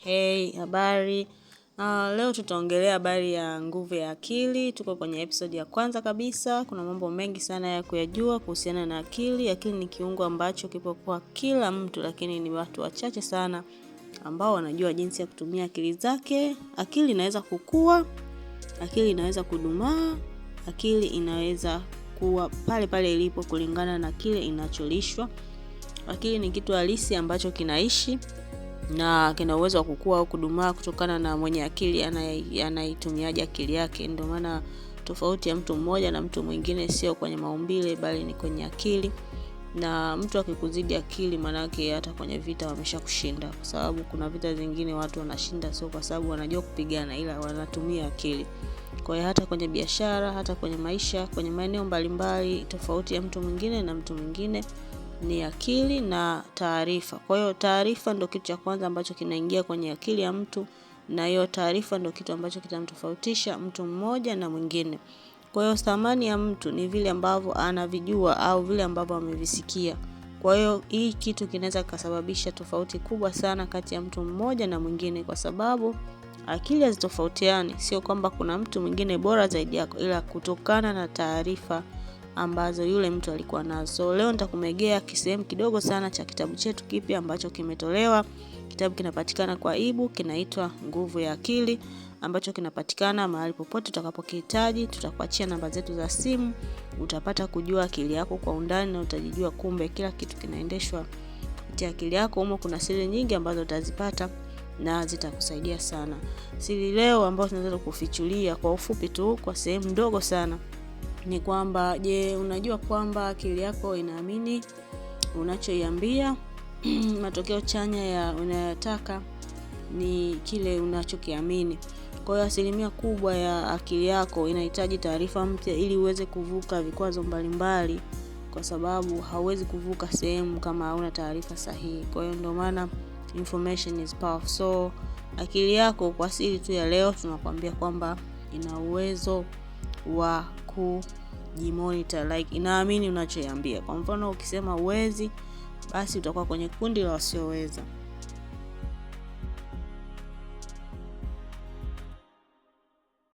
Hey, habari. Uh, leo tutaongelea habari ya nguvu ya akili. Tuko kwenye episode ya kwanza kabisa. Kuna mambo mengi sana ya kuyajua kuhusiana na akili. Akili ni kiungo ambacho kipo kwa kila mtu, lakini ni watu wachache sana ambao wanajua jinsi ya kutumia akili zake. Akili inaweza kukua, akili inaweza kudumaa, akili inaweza kuwa pale pale ilipo kulingana na kile inacholishwa. Akili ni kitu halisi ambacho kinaishi na kina uwezo wa kukua au kudumaa kutokana na mwenye akili anaitumiaje akili yake. Ndio maana tofauti ya mtu mmoja na mtu mwingine sio kwenye maumbile, bali ni kwenye akili. Na mtu akikuzidi akili, maanake hata kwenye vita wameshakushinda, kwa sababu kuna vita zingine watu wanashinda sio kwa sababu wanajua kupigana, ila wanatumia akili. Kwa hiyo hata kwenye biashara, hata kwenye maisha, kwenye maeneo mbalimbali, tofauti ya mtu mwingine na mtu mwingine ni akili na taarifa. Kwa hiyo taarifa ndo kitu cha kwanza ambacho kinaingia kwenye akili ya mtu, na hiyo taarifa ndo kitu ambacho kitamtofautisha mtu mmoja na mwingine. Kwa hiyo thamani ya mtu ni vile ambavyo anavijua au vile ambavyo amevisikia. Kwa hiyo hii kitu kinaweza kikasababisha tofauti kubwa sana kati ya mtu mmoja na mwingine, kwa sababu akili hazitofautiani. Sio kwamba kuna mtu mwingine bora zaidi yako, ila kutokana na taarifa ambazo yule mtu alikuwa nazo. So leo nitakumegea kisehemu kidogo sana cha kitabu chetu kipya ambacho kimetolewa. Kitabu kinapatikana kwa ibu, kinaitwa Nguvu ya Akili, ambacho kinapatikana mahali popote utakapokihitaji. Tutakuachia namba zetu za simu, utapata kujua akili yako kwa undani na utajijua, kumbe kila kitu kinaendeshwa kupitia akili yako. Humo kuna siri nyingi ambazo utazipata na zitakusaidia sana. Siri leo ambayo tunaweza kufichulia kwa ufupi tu, kwa sehemu ndogo sana ni kwamba je, unajua kwamba akili yako inaamini unachoiambia? matokeo chanya ya unayotaka ni kile unachokiamini. Kwa hiyo asilimia kubwa ya akili yako inahitaji taarifa mpya ili uweze kuvuka vikwazo mbalimbali, kwa sababu hauwezi kuvuka sehemu kama hauna taarifa sahihi. Kwa hiyo ndio maana information is power. So akili yako, kwa siri tu ya leo, tunakwambia kwamba ina uwezo wa kujimonitor, like inaamini unachoiambia. Kwa mfano ukisema uwezi, basi utakuwa kwenye kundi la wasioweza.